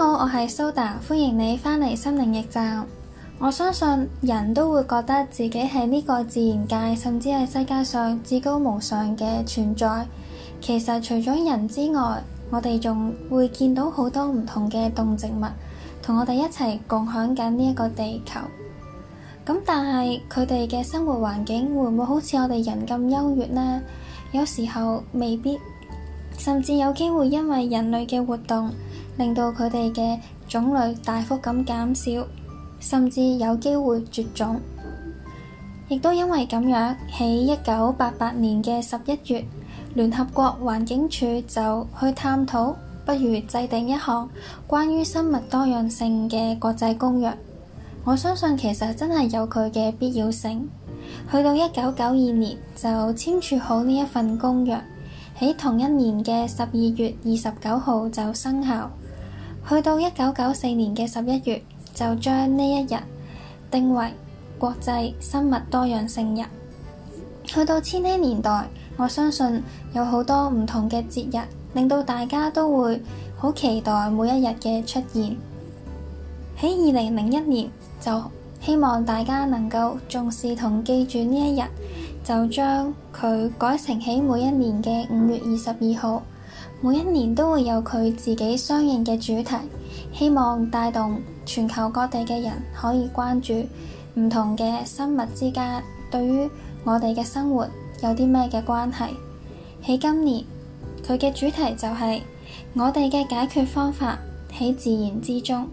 大家好，我係蘇達，歡迎你返嚟心靈驛站。我相信人都會覺得自己係呢個自然界，甚至係世界上至高無上嘅存在。其實除咗人之外，我哋仲會見到好多唔同嘅動植物，同我哋一齊共享緊呢一個地球。咁但係佢哋嘅生活環境會唔會好似我哋人咁優越呢？有時候未必，甚至有機會因為人類嘅活動。令到佢哋嘅種類大幅咁減少，甚至有機會絕種。亦都因為咁樣，喺一九八八年嘅十一月，聯合國環境署就去探討，不如制定一項關於生物多樣性嘅國際公約。我相信其實真係有佢嘅必要性。去到一九九二年，就簽署好呢一份公約，喺同一年嘅十二月二十九號就生效。去到一九九四年嘅十一月，就將呢一日定為國際生物多樣性日。去到千禧年代，我相信有好多唔同嘅節日，令到大家都會好期待每一日嘅出現。喺二零零一年，就希望大家能夠重視同記住呢一日，就將佢改成喺每一年嘅五月二十二號。每一年都會有佢自己相應嘅主題，希望帶動全球各地嘅人可以關注唔同嘅生物之間對於我哋嘅生活有啲咩嘅關係。喺今年，佢嘅主題就係我哋嘅解決方法喺自然之中。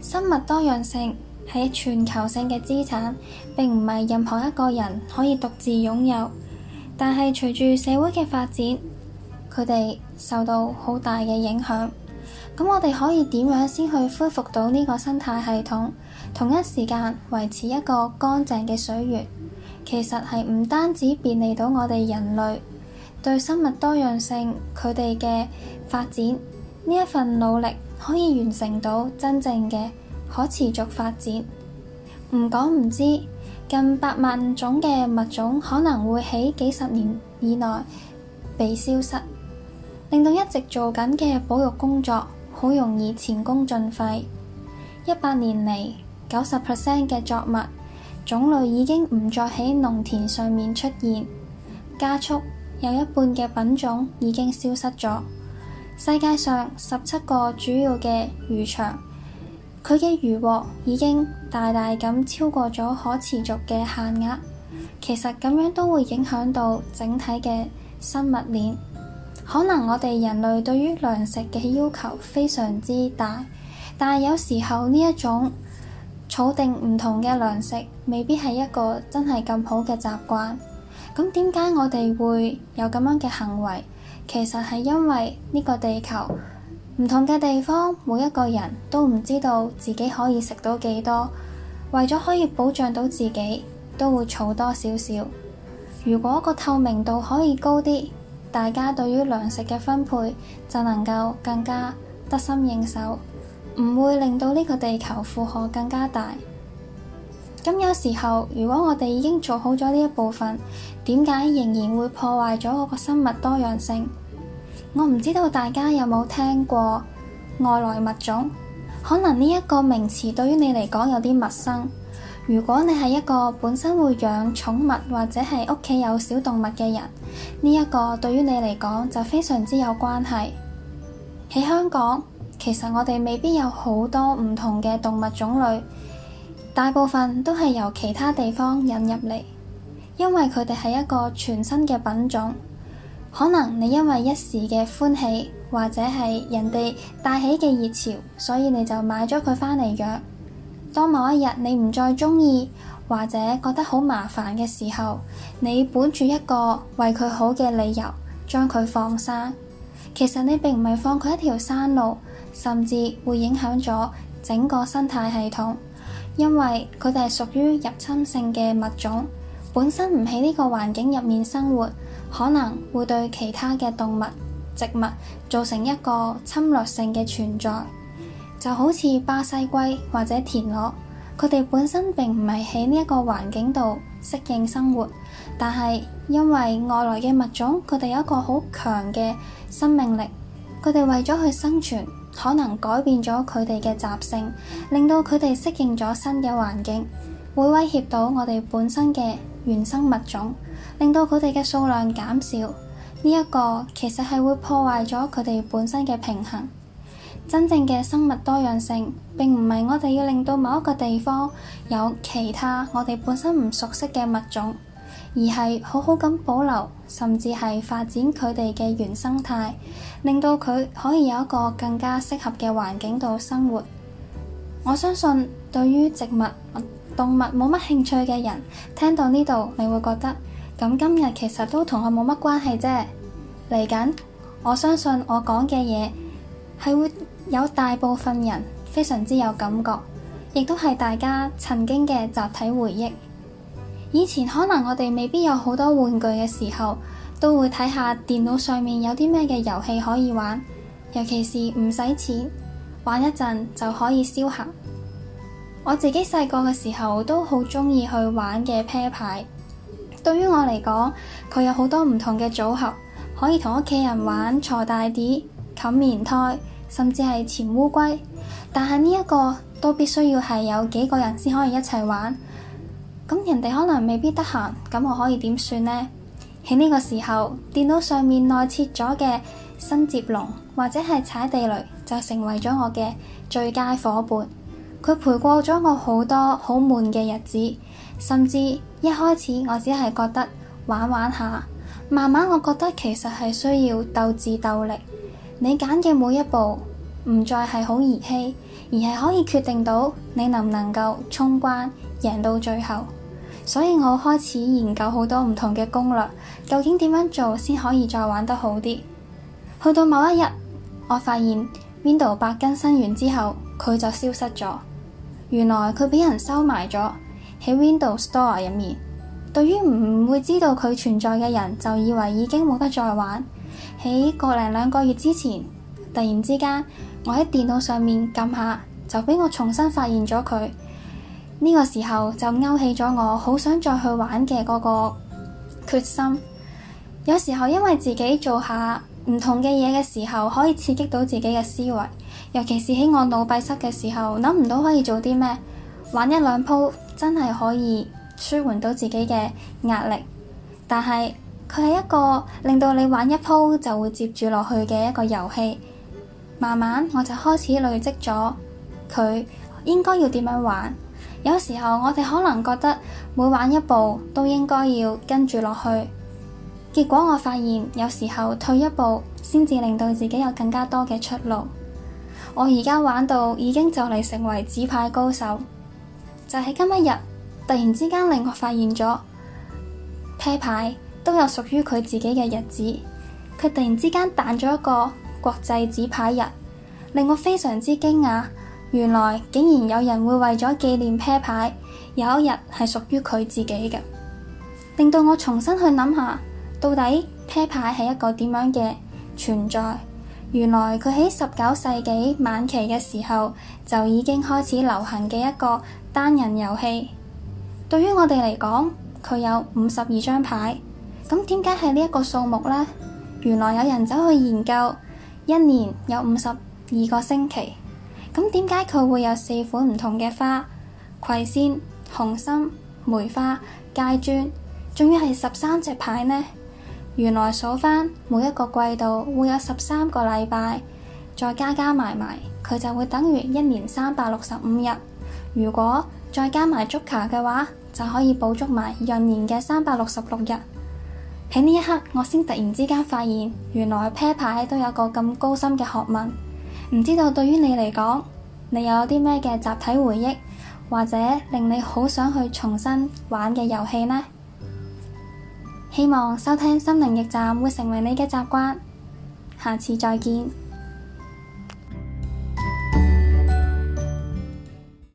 生物多樣性係全球性嘅資產，並唔係任何一個人可以獨自擁有，但係隨住社會嘅發展。佢哋受到好大嘅影響，咁我哋可以點樣先去恢復到呢個生態系統，同一時間維持一個乾淨嘅水源？其實係唔單止便利到我哋人類，對生物多樣性佢哋嘅發展呢一份努力可以完成到真正嘅可持續發展。唔講唔知，近百萬種嘅物種可能會喺幾十年以內被消失。令到一直做緊嘅保育工作好容易前功盡廢。一百年嚟，九十 percent 嘅作物種類已經唔再喺農田上面出現，加速有一半嘅品種已經消失咗。世界上十七個主要嘅漁場，佢嘅漁獲已經大大咁超過咗可持續嘅限額，其實咁樣都會影響到整體嘅生物鏈。可能我哋人類對於糧食嘅要求非常之大，但係有時候呢一種儲定唔同嘅糧食，未必係一個真係咁好嘅習慣。咁點解我哋會有咁樣嘅行為？其實係因為呢個地球唔同嘅地方，每一個人都唔知道自己可以食到幾多，為咗可以保障到自己，都會儲多少少。如果個透明度可以高啲。大家對於糧食嘅分配就能夠更加得心應手，唔會令到呢個地球負荷更加大。咁有時候，如果我哋已經做好咗呢一部分，點解仍然會破壞咗我個生物多樣性？我唔知道大家有冇聽過外來物種？可能呢一個名詞對於你嚟講有啲陌生。如果你係一個本身會養寵物或者係屋企有小動物嘅人，呢一個對於你嚟講就非常之有關係。喺香港，其實我哋未必有好多唔同嘅動物種類，大部分都係由其他地方引入嚟，因為佢哋係一個全新嘅品種。可能你因為一時嘅歡喜，或者係人哋帶起嘅熱潮，所以你就買咗佢返嚟養。當某一日你唔再鍾意，或者覺得好麻煩嘅時候，你本住一個為佢好嘅理由，將佢放生。其實你並唔係放佢一條生路，甚至會影響咗整個生態系統，因為佢哋係屬於入侵性嘅物種，本身唔喺呢個環境入面生活，可能會對其他嘅動物、植物造成一個侵略性嘅存在。就好似巴西龜或者田螺，佢哋本身並唔係喺呢一個環境度適應生活，但係因為外來嘅物種，佢哋有一個好強嘅生命力，佢哋為咗去生存，可能改變咗佢哋嘅習性，令到佢哋適應咗新嘅環境，會威脅到我哋本身嘅原生物種，令到佢哋嘅數量減少。呢一個其實係會破壞咗佢哋本身嘅平衡。真正嘅生物多樣性，並唔係我哋要令到某一個地方有其他我哋本身唔熟悉嘅物種，而係好好咁保留，甚至係發展佢哋嘅原生態，令到佢可以有一個更加適合嘅環境度生活。我相信對於植物、呃、動物冇乜興趣嘅人，聽到呢度你會覺得咁今日其實都同我冇乜關係啫。嚟緊，我相信我講嘅嘢係會。有大部分人非常之有感覺，亦都係大家曾經嘅集體回憶。以前可能我哋未必有好多玩具嘅時候，都會睇下電腦上面有啲咩嘅遊戲可以玩，尤其是唔使錢，玩一陣就可以消閒。我自己細個嘅時候都好鍾意去玩嘅啤牌。對於我嚟講，佢有好多唔同嘅組合，可以同屋企人玩鋤大啲、冚棉胎。甚至係潛烏龜，但係呢一個都必須要係有幾個人先可以一齊玩。咁人哋可能未必得閒，咁我可以點算呢？喺呢個時候，電腦上面內設咗嘅新接龍或者係踩地雷，就成為咗我嘅最佳夥伴。佢陪過咗我好多好悶嘅日子，甚至一開始我只係覺得玩玩下，慢慢我覺得其實係需要鬥智鬥力。你揀嘅每一步，唔再係好兒戲，而係可以決定到你能唔能夠衝關贏到最後。所以我開始研究好多唔同嘅攻略，究竟點樣做先可以再玩得好啲？去到某一日，我發現 Windows 8更新完之後，佢就消失咗。原來佢俾人收埋咗喺 Windows Store 入面，對於唔會知道佢存在嘅人，就以為已經冇得再玩。喺個零兩個月之前，突然之間，我喺電腦上面撳下，就畀我重新發現咗佢。呢、這個時候就勾起咗我好想再去玩嘅嗰、那個決心。有時候因為自己做下唔同嘅嘢嘅時候，可以刺激到自己嘅思維，尤其是喺我腦閉塞嘅時候，諗唔到可以做啲咩，玩一兩鋪真係可以舒緩到自己嘅壓力。但係，佢係一個令到你玩一鋪就會接住落去嘅一個遊戲。慢慢我就開始累積咗佢應該要點樣玩。有時候我哋可能覺得每玩一步都應該要跟住落去，結果我發現有時候退一步先至令到自己有更加多嘅出路。我而家玩到已經就嚟成為紙牌高手，就喺今一日突然之間令我發現咗啤牌。啪啪都有屬於佢自己嘅日子。佢突然之間彈咗一個國際紙牌日，令我非常之驚訝。原來竟然有人會為咗紀念啤牌，有一日係屬於佢自己嘅，令到我重新去諗下，到底啤牌係一個點樣嘅存在。原來佢喺十九世紀晚期嘅時候，就已經開始流行嘅一個單人遊戲。對於我哋嚟講，佢有五十二張牌。咁點解係呢一個數目呢？原來有人走去研究，一年有五十二個星期。咁點解佢會有四款唔同嘅花：葵扇、紅心、梅花、階磚，仲要係十三隻牌呢？原來數返每一個季度會有十三個禮拜，再加加埋埋，佢就會等於一年三百六十五日。如果再加埋 Joker 嘅話，就可以補足埋閏年嘅三百六十六日。喺呢一刻，我先突然之間發現，原來啤牌都有個咁高深嘅學問。唔知道對於你嚟講，你有啲咩嘅集體回憶，或者令你好想去重新玩嘅遊戲呢？希望收聽《心靈驛站》會成為你嘅習慣。下次再見。